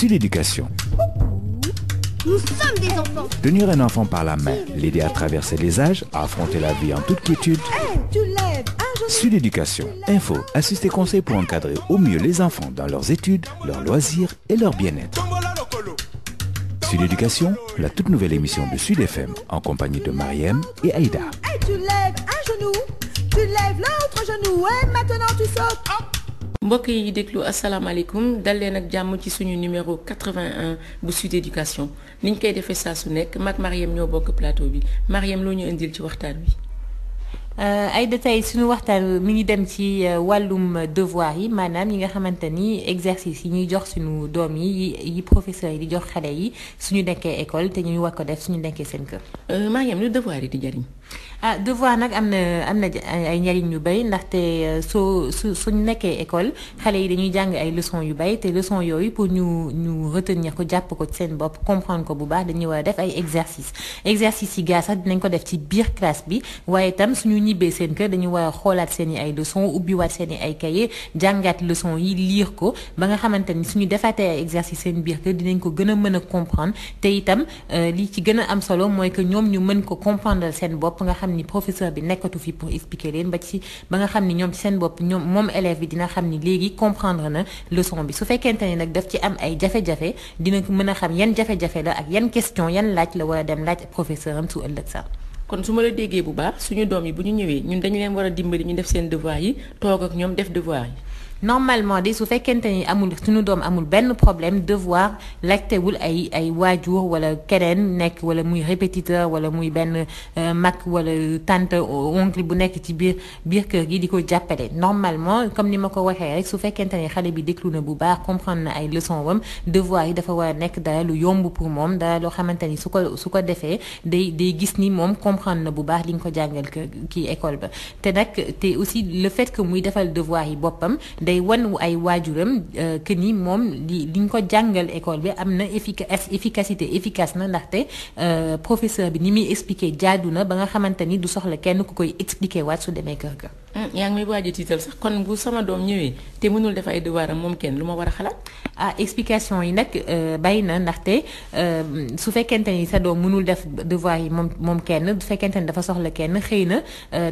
Ici l'éducation. Nous sommes des enfants. Tenir un enfant par la main, l'aider à traverser les âges, à affronter la vie en toute quiétude. Eh, Sud Éducation, info, assister conseil pour encadrer au mieux les enfants dans leurs études, leurs loisirs et leur bien-être. Sud Éducation, la toute nouvelle émission de Sud FM en compagnie de Mariem et Aïda. Hey, eh, tu lèves un genou, tu lèves l'autre genou et maintenant tu sautes. mbokk yi déglu asalaamaaleykum dal leen ak jàmm ci suñu numéro 81 bu Sud Éducation niñ koy defee saa su nekk mag Mariem ñoo bokk plateau bi Mariem loo ñu indil ci waxtaan wi. Euh, ay détails suñu waxtaan mi ngi dem ci euh, wàllum devoir yi maanaam yi nga xamante ni exercice yi ñuy jox suñu doom yi yi professeurs yi di jox xale yi suñu nekkee école te ñuy war ko def suñu nekkee seen kër. Euh, Mariem lu devoir yi di jariñ ah devoir nag am na am na ay njariñ yu bari ndaxte euh, soo su suñ nekkee école xale yi dañuy jàng ay leçons yu bari te leçons yooyu pour ñu ñu retenir ko jàpp ko ci seen bopp comprendre ko bu baax dañuy war a def ay exercices exercices yi gaa sax dinañ ko def ci biir classe bi waaye itam ñu ñibbee seen kër dañuy war a xoolaat seen i ay leçons ubbiwaat seen i ay cahier jàngaat leçons yi lire ko ba nga xamante ni suñu defaatee ay exercices seen biir kër dinañ ko gën a mën a comprendre te itam euh, li ci gën a am solo mooy que ñoom ñu mën ko comprendre seen bopp. bopp nga xam ni professeur bi nekkatu fi pour expliqué leen ba ci ba nga xam ni ñoom ci seen bopp ñoom moom élève bi dina xam ni léegi comprendre na leçon bi su fekkente ne nag daf ci am ay jafe-jafe dina mën a xam yan jafe-jafe la ak yan question yan laaj la waa dem laaj professeur am su ëllëg sax. kon su ma la déggee bu baax suñu doom yi bu ñu ñëwee ñun dañu leen war a dimbali ñu def seen devoir yi toog ak ñoom def devoir yi. normalement di su fekkente ni amul suñu doom amul benn problème devoir lactewul ay ay waajur wala keneen nekk wala muy répétiteur wala muy benn euh, mag wala tante oncle bu nekk ci biir biir kër gi di ko jàppale normalement comme ni ma ko waxee rek su fekkente ni xale bi déglu na bu baax comprendre na ay leçon wam devoir yi dafa war a nekk dara lu yomb pour moom dara loo xamante ni su ko su ko defee day day gis ni moom comprendre na bu baax li nga ko jàngal kër kii école ba te nag te aussi le fait que muy defal devoir yi boppam day wan ay waajuram euh, que moom li liñ ko jàngal école bi am na efficace efficacité efficace na ndaxte euh, professeur bi ni muy expliquer jaadu na ba nga xamante ni du soxla kenn ku koy expliqué waat su demee kër ga. Hmm, yaa ngi may waaj a tiital sax kon bu sama doom ñëwee te mënul def ay devoir am moom kenn lu ma war a xalaat. ah explication yi nag euh, bàyyi na ndaxte su fekkente ni sa doom mënul def devoir yi moom moom kenn su fekkente ni dafa soxla kenn xëy na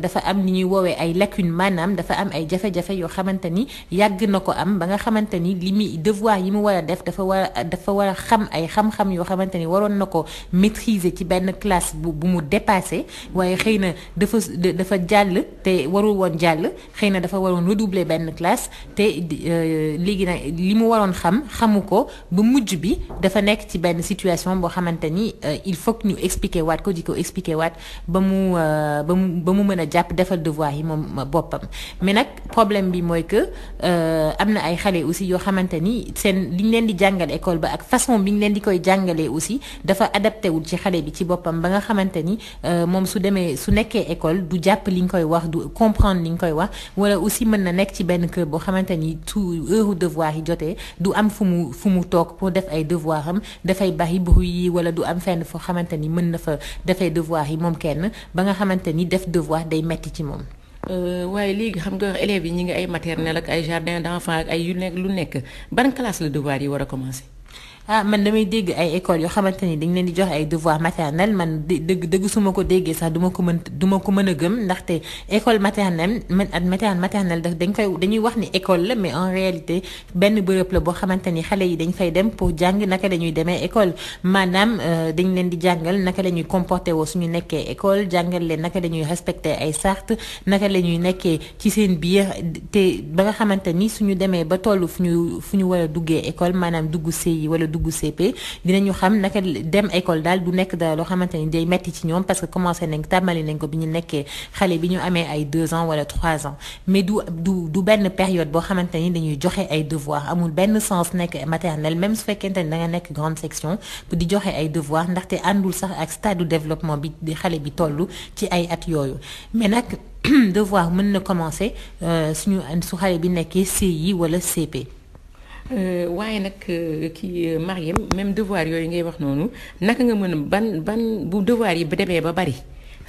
dafa am ni ñuy woowee ay lacune maanaam dafa am ay jafe-jafe yoo xamante ni yàgg na ko am ba nga xamante ni li muy devoir yi mu war a def dafa war a dafa war a xam ay xam-xam yoo xamante ni waroon na ko maîtriser ci benn classe bu bu mu dépassé waaye xëy na dafa dafa jàll te warul woon jàll xëy na dafa waroon redoubler benn classe te euh, léegi nag li mu waroon xam xamu ko ba mujj bi dafa nekk ci benn situation boo xamante ni euh, il faut que ñu waat ko di ko expliquer waat ba mu euh, ba mu ba mu mën a jàpp defal devoir yi moom boppam mais nag problème bi mooy que Euh, am na ay xale aussi yoo xamante ni seen li ñu leen di jàngal école ba ak façon bi ñu leen di koy jàngalee aussi dafa adapté wul ci xale bi ci boppam ba nga xamante ni euh, moom su demee su nekkee école du jàpp li ñu koy wax du comprendre li ñu koy wax wala aussi mën na nekk ci benn kër boo xamante ni su heure devoir yi jotee du am fu mu fu mu toog pour def ay devoir am dafay bari bruit yi wala du am fenn foo xamante ni mën na fa defee devoir yi moom kenn ba nga xamante ni def devoir day metti ci moom Euh, waaye léegi xam nga élèves yi ñi ngi ay maternelle ak ay jardin d'enfants ak ay yu nekk lu nekk ban classe la devoir yi war a commencer ah man damay dégg ay école yoo xamante ni dañ leen di jox ay devoir maternel man dégg dëgg su ma ko déggee sax duma ko mën du ma ko mën a gëm ndaxte école maternelle man ak maternelle daf dañ koy dañuy wax ni école la mais en réalité benn bërëb la boo xamante ni xale yi dañ fay dem pour jàng naka la demee école maanaam euh, dañ leen di jàngal naka la ñuy comporté woo suñu nekkee école jàngal leen naka la ñuy respecté ay sart naka la ñuy nekkee ci seen biir te ba nga xamante ni suñu demee ba toll fu ñu fu ñu war a duggee école maanaam dugg CI wala dugg CP ñu xam naka dem école daal du nekk da loo xamante ni day metti ci ñoom parce que commencé nañ tàmbali nañ ko bi ñu nekkee xale bi ñu amee ay deux ans wala trois ans mais du du du benn période boo xamante ni dañuy joxe ay devoir amul benn sens nekk maternelle même su fekkente ni da nga nekk grande section di joxe ay devoir ndaxte àndul sax ak stade du développement bi di xale bi toll ci ay at yooyu mais nag devoir mën na commencer euh, suñu su xale bi nekkee CI wala CP Euh, waaye nag euh, kii euh, Mariem même devoir yooyu ngay wax noonu naka nga mën ban ban bu devoir yi ba demee ba bari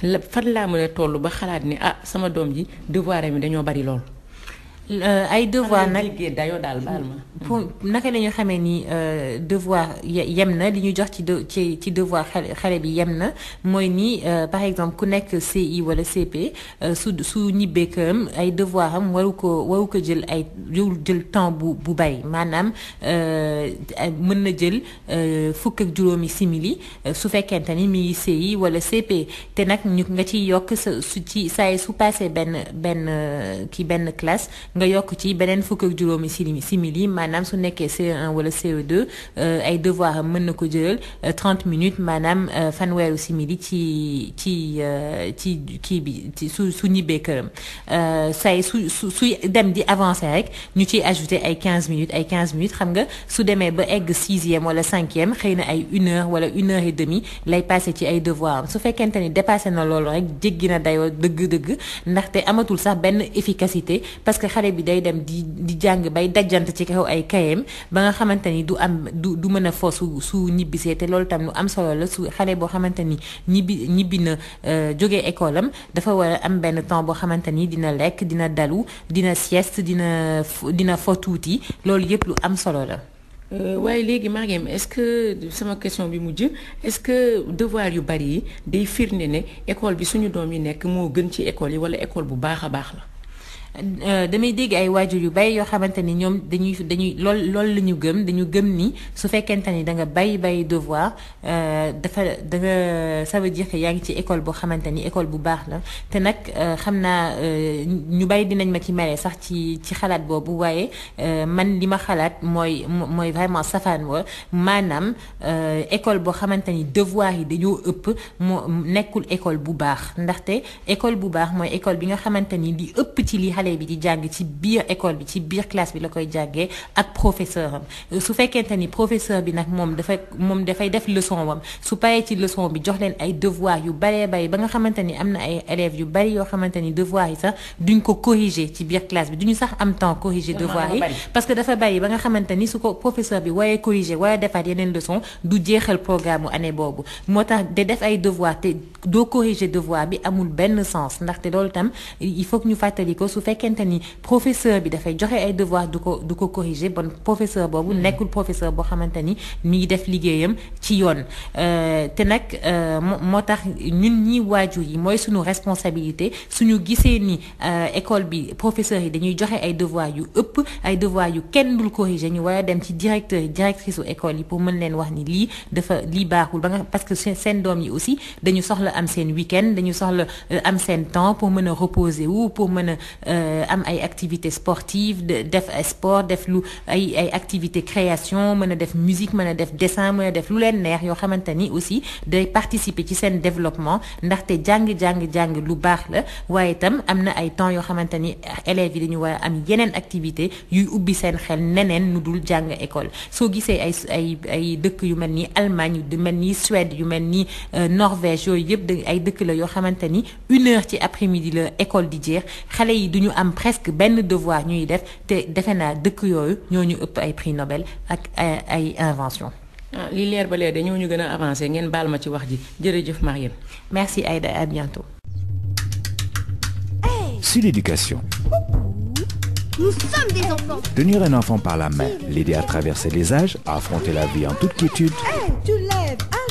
la fan laa mën a toll ba xalaat ni ah sama doom ji devoir am yi dañoo bari lool. Euh, ay devoir nag dayoo daal baal ma pour naka la ñu xamee ni euh, devoir yem na li ñu jox ci de ci ci devoir xale bi yem na mooy nii euh, par exemple ku nekk CI wala CP su su ñibbee këram ay devoir am waru ko waru ko jël ay jël temps bu bu bari maanaam mën na jël fukk ak juróomi simili su fekkente ni mi ngi CI wala CP te nag ñu nga ci yokk sa su ci saa su passé benn benn kii benn classe. nga yokk ci beneen fukk ak juróomi simili maanaam su nekkee CE1 wala CE2 euh, ay devoir mën na ko jëlal euh, trente minutes maanaam euh, fanweeru simili ci ci ci kii bi ci su su ñibbee këram say su su suy dem di avancer rek ñu ci ajouter ay 15 minutes ay quinze minutes xam nga su demee ba egg sixième wala cinquième xëy na ay une heure wala une heure et demie lay passé ci ay devoir am su fekkente ni dépassé na loolu rek jéggi na dayoo dëgg-dëgg ndaxte amatul sax benn efficacité bi day dem di di jàng bay dajjant ci kaw ay kayem ba nga xamante ni du am du du mën a fo su su ñibbisee te loolu tam lu am solo la su xale boo xamante ni ñibbi ñibbi na euh, jógee école am dafa war am benn temps boo xamante ni dina lekk dina dalu dina sieste dina dina fo tuuti loolu yëpp lu am solo la. Euh, waaye léegi Marème est-ce que sama question bi mujj est-ce que devoir yu bari yi day firnde ne école bi suñu doom yi nekk moo gën ci école yi walla école bu baax a baax la. Euh, damay dégg ay waajur yu bay yoo xamante ni ñoom dañuy dañuy lool loolu la ñu gëm dañu gëm ni su fekkente ni da nga bay bay devoir euh, dafa da nga ça veut yaa ngi ci école boo xamante ni école bu baax la te nag euh, xam naa ñu bay dinañ ma ci mere sax ci ci xalaat boobu waaye man li ma xalaat mooy mooy vraiment safaan wa maanaam école boo xamante ni devoir yi dañoo ëpp moo nekkul école bu baax ndaxte école bu baax mooy école bi nga xamante ni li ëpp ci li xale xale bi di jàng ci biir école bi ci biir classe bi la koy jàngee ak professeur am su fekkente ni professeur bi nag moom dafa moom dafay def leçon wam su paree ci leçon bi jox leen ay devoir yu baree bari ba nga xamante ni am na ay élèves yu bari yoo xamante ni devoir yi sax duñ ko corriger ci biir classe bi duñu sax am temps corriger devoir yi parce que dafa bari ba nga xamante ni su ko professeur bi waaye corriger waaye defaat yeneen leçon du jeexal programme année boobu moo tax de def ay devoir doo corriger devoir bi amul benn sens ndaxte loolu tam il faut que ñu fàttali ko su fekkente ni professeur bi dafay joxe ay devoir du ko du ko corriger bon professeur boobu hmm. nekkul professeur boo xamante ni mi ngi def liggéeyam ci yoon euh, te nag euh, moo tax ñun ñi waajur yi mooy suñu responsabilité suñu gisee ni euh, école bi professeurs yi dañuy joxe ay devoir yu ëpp ay devoir yu kenn dul corriger ñu war a dem ci directeur yi directrice école yi pour mën leen wax ni lii dafa lii baaxul ba parce que seen doom yi aussi soxla am seen week dañu soxla euh, am seen temps pour mën a reposer wu pour mën a euh, am ay activités sportives def sport def lu ay ay activités création mën a def musique mën a def dessin mën a def lu leen neex yoo xamante ni aussi day participer ci seen développement ndaxte jàng jàng jàng lu baax la waaye tam am na ay temps yoo xamante ni élèves yi dañu war am yeneen activité yuy ubbi seen xel neneen nu dul jàng école soo gisee ay ay dëkk yu mel ni Allemagne mel ni Suède yëpp da ay dëkk la yoo xamante ni une heure ci après-midi la école di jeex xale yi du am presque benn devoir ñuy def te defe naa dëkk yooyu ñoo ñu ëpp ay prix Nobel ak ay ay invention ah leer ba dañoo ñu gën a avancé ngeen baal ma ci wax ji jërëjëf Marième. merci Aïda à bientôt. Sud Éducation. Tenir un enfant par la main, l'aider à traverser les âges, à affronter la vie en toute quiétude.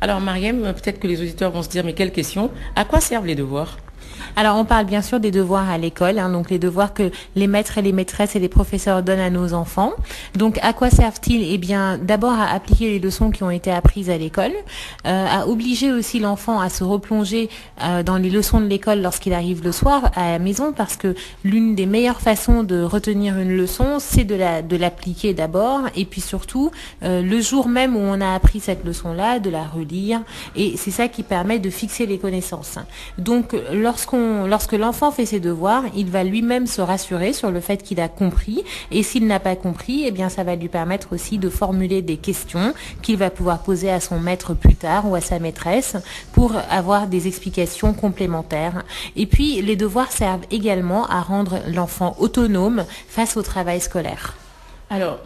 Alors Mariam, peut-être que les auditeurs vont se dire, mais quelle question À quoi servent les devoirs Alors on parle bien sûr des devoirs à l'école, hein, donc les devoirs que les maîtres et les maîtresses et les professeurs donnent à nos enfants. Donc à quoi servent-ils eh d'abord à appliquer les leçons qui ont été apprises à l'école, euh, à aussi l'enfant à se replonger euh, dans les leçons de l'école lorsqu'il arrive le soir à la maison, parce que l'une des meilleures façons de retenir une leçon, c'est de la de l'appliquer d'abord, et puis surtout euh, le jour même où on a lorsqu'on, lorsque l'enfant fait ses devoirs, il va lui-même se rassurer sur le fait qu'il a compris. Et s'il n'a pas compris, eh va lui permettre aussi de formuler des questions qu'il va pouvoir poser à son maître plus tard ou à sa maîtresse pour avoir des explications complémentaires. Et puis, les devoirs servent également à rendre l'enfant autonome face au travail scolaire. Alors,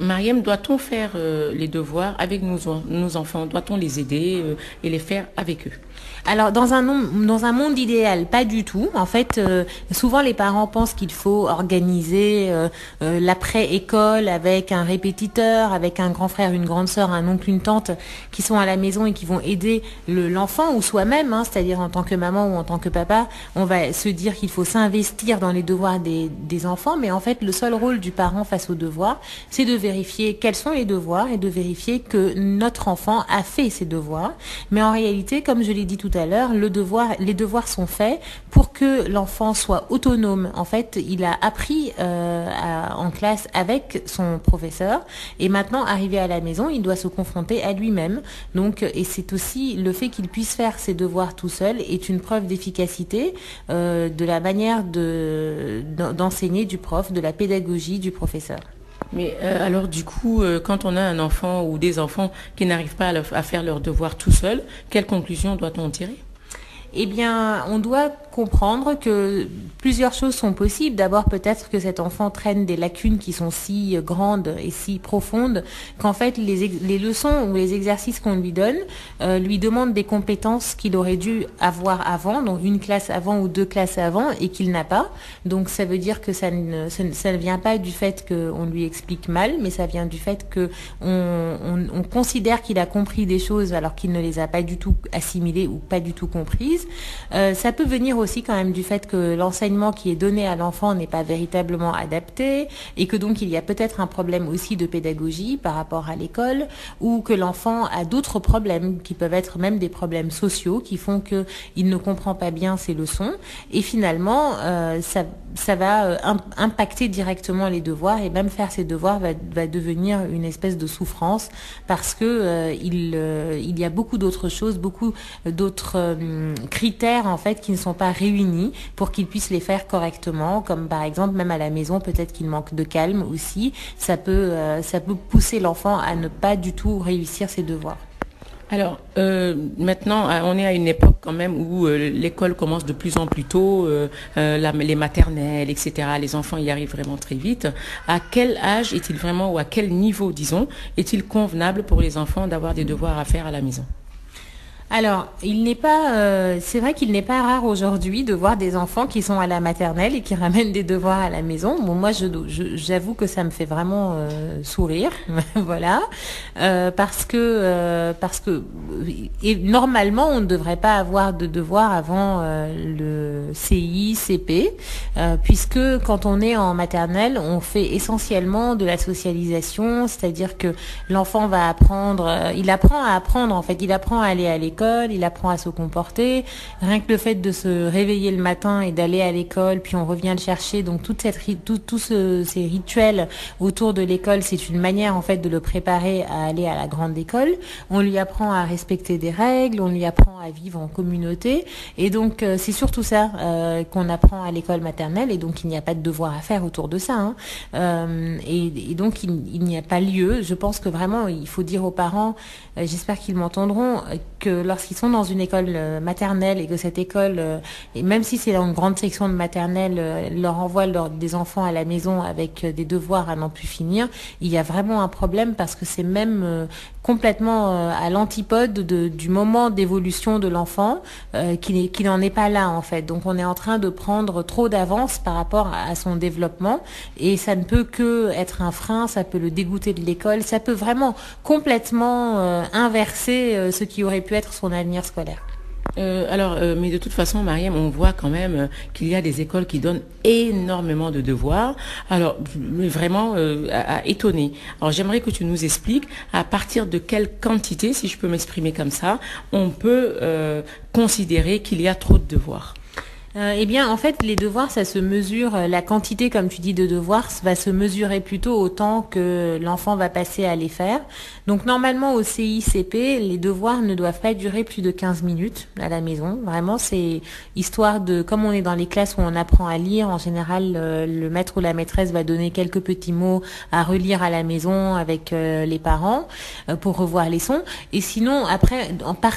doit-on faire euh, les devoirs avec nos, enfants Doit-on les aider euh, et les faire avec Alors dans un dans un monde idéal, pas du tout. En fait, euh, souvent les parents pensent qu'il faut organiser euh, euh, l'après-école avec un répétiteur, avec un grand frère, une grande sœur, un oncle, une tante qui sont à la maison et qui vont aider l'enfant le, ou soi-même, c'est-à-dire en tant que maman ou en tant que papa, on va se dire qu'il faut s'investir dans les devoirs des, enfants, mais en fait le seul rôle du parent face aux devoirs, c'est de vérifier quels sont les devoirs dit tout à l'heure, les devoirs sont faits pour que l'enfant soit autonome. En fait, il a appris euh, à, en classe avec son professeur et maintenant, arrivé à la maison, il doit se confronter à lui-même. Donc, et c'est aussi le fait qu'il puisse faire ses devoirs tout seul est une preuve d'efficacité euh, de la manière d'enseigner de, du prof, de la pédagogie du professeur. Mais euh, alors du coup, euh, quand on a un enfant ou des enfants qui n'arrivent pas à, le, à faire leur devoir tout seul, quelle conclusion doit-on tirer eh bien, on doit comprendre que plusieurs choses sont possibles. D'abord, peut-être que cet enfant traîne des lacunes qui sont si grandes et si profondes qu'en fait, les, les, leçons ou les exercices qu'on lui donne euh, lui demandent des compétences qu'il aurait dû avant, donc une classe avant ou deux classes avant, et qu'il n'a pas. Donc, ça veut dire que ça ne, vient pas du fait qu'on lui explique mal, mais ça vient du fait qu'on on, on considère qu'il a compris des choses alors a pas du tout assimilées ou plus. Euh, ça peut venir aussi quand même du fait que l'enseignement qui est donné à l'enfant n'est pas véritablement adapté et que donc il y a peut-être un problème aussi de pédagogie par rapport à l'école ou que l'enfant a d'autres problèmes qui peuvent être même des problèmes sociaux qui font que ne comprend pas bien ses leçons et finalement euh, euh devenir une espèce de souffrance parce que euh, euh, y a beaucoup d'autres choses, beaucoup d'autres critères en fait qui ne sont pas réunis pour qu'ils puissent les faire correctement, comme par exemple même à la maison peut-être qu'il manque de calme aussi. Ça peut, euh, peut pousser l'enfant à ne pas du tout réussir ses devoirs. Alors euh, maintenant, on est à une époque quand même où euh, l'école commence de plus en plus tôt, euh, la, les maternelles, etc. Les enfants y arrivent vraiment très vite. À quel âge est-il vraiment, ou à quel niveau, disons, est-il convenable pour les enfants Alors, il n'est pas, euh, c'est vrai qu'il n'est pas rare aujourd'hui de voir des enfants qui sont à la maternelle et qui ramènent des devoirs à la maison. Bon, moi, je, je, j'avoue que ça me fait vraiment euh, sourire, voilà, euh, parce que euh, parce que et normalement, on ne devrait pas avoir de devoirs avant euh, le CI, CP, euh, puisque quand on est en maternelle, on fait essentiellement de la socialisation, c'est-à-dire que l'enfant va apprendre, il apprend à apprendre en fait, il apprend à aller à l'école l'école, il apprend à se comporter. Rien que le fait de se réveiller le matin et d'aller à l'école, puis on revient le chercher, donc toute cette, tout, tout ce, ces rituels autour de l'école, c'est une manière en fait de le préparer à aller à la grande école. On lui apprend à respecter des règles, on lui apprend à vivre en communauté. Et donc euh, c'est surtout ça euh, qu'on apprend à l'école maternelle, et donc il n'y a pas de devoir à faire autour de ça. Hein. Euh, et, et, donc il, il n'y a pas lieu. Je pense que vraiment il faut dire aux parents, euh, j'espère qu'ils m'entendront, que lorsqu'ils sont dans une école euh, maternelle et que cette école, euh, et même si c'est dans une grande section de maternelle, euh, leur envoie leur, des enfants à la maison avec des devoirs à n'en plus finir, il y a vraiment un problème parce que c'est même complètement à l'antipode de, du moment d'évolution de l'enfant euh, qui, qui n'en est pas là en fait. Donc on est en train de prendre trop d'avance par rapport à, à son développement et ça ne peut que être un frein, ça peut le dégoûter de l'école, ça peut vraiment complètement euh, inverser euh, ce qui aurait pu être son avenir scolaire. Euh, alors, euh, mais de toute façon, Mariam, on voit quand même euh, qu'il y a des écoles qui donnent énormément de devoirs. Alors, vraiment euh, à, à, étonner. Alors, j'aimerais que tu nous expliques à partir de quelle quantité, si je peux m'exprimer comme ça, on peut euh, considérer qu'il y a trop de devoirs. euh, eh bien, en fait, les devoirs, ça se mesure, euh, la quantité, comme tu dis, de devoirs va se mesurer plutôt au temps que l'enfant va passer à les faire. Donc, normalement, au CICP, les devoirs ne doivent pas durer plus de 15 minutes à la maison. Vraiment, c'est histoire de, comme on est dans les classes où on apprend à lire, en général, euh, le, maître ou la maîtresse va donner quelques petits mots à relire à la maison avec euh, les parents pour revoir les sons. Et sinon, après, par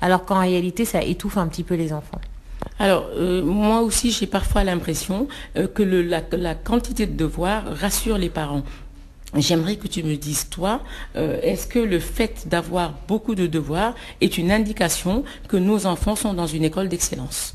alors qu'en réalité, ça étouffe un petit peu les enfants. Alors, euh, moi aussi, j'ai parfois l'impression euh, que le, la, la quantité de devoirs rassure les parents. J'aimerais que tu me dises, toi, euh, est-ce que le fait d'avoir beaucoup de devoirs est une indication que nos enfants sont dans une école d'excellence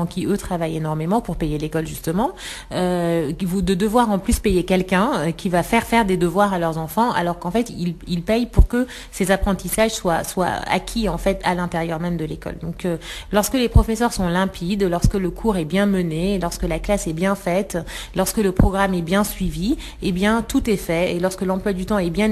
parents qui, eux, travaillent énormément pour payer l'école, justement, euh, de devoir en plus payer quelqu'un euh, qui va faire faire des devoirs à leurs enfants, alors qu'en fait, ils, payent pour que ces apprentissages soient, acquis, en fait, à l'intérieur même de l'école. Donc, euh, lorsque les professeurs sont limpides, lorsque le cours est bien mené, lorsque la classe est bien faite, lorsque le programme est bien suivi, eh tout est fait. Et lorsque l'emploi du temps est bien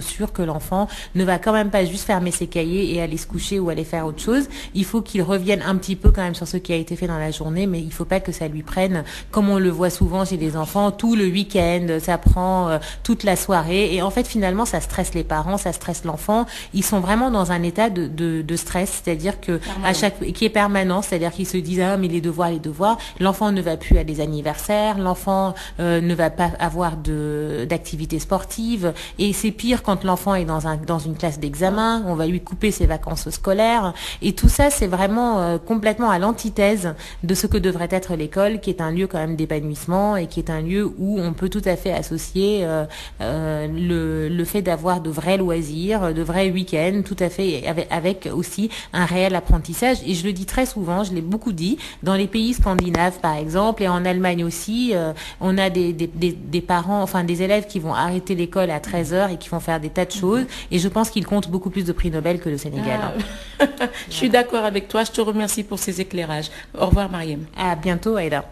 être sûr que l'enfant ne va quand même pas juste fermer ses cahiers et aller se coucher ou aller faire autre chose. Il faut qu'il revienne un petit peu quand même sur ce qui a été fait dans la journée, mais il faut pas que ça lui prenne, comme on le voit souvent chez les enfants, tout le week-end, ça prend euh, toute la soirée. Et en Ils sont vraiment dans un état de, stress, c'est-à-dire que qui est permanent, c'est-à-dire qu'ils se disent ah mais quand l'enfant est dans, un, dans une classe d'examen, on va lui couper ses vacances scolaires. Et tout ça, c'est vraiment euh, complètement à l'antithèse de ce que devrait être l'école, qui est un lieu quand même d'épanouissement et qui est un lieu où on peut tout à fait associer euh, euh, le, le, fait d'avoir de vrais loisirs, de vrais week-ends, tout à fait avec, avec aussi un réel apprentissage. Et je le dis très souvent, je l'ai beaucoup dit, dans les pays scandinaves par exemple, et en Allemagne aussi, euh, on a des, des, des, des parents, enfin des élèves qui vont arrêter l'école à 13 heures et qui vont faire des tas de choses. Et je pense qu'il compte beaucoup plus de prix Nobel que le Sénégal. Ah, je suis d'accord avec toi. Je te remercie pour ces éclairages. Au revoir, Mariem. À bientôt, Aïda.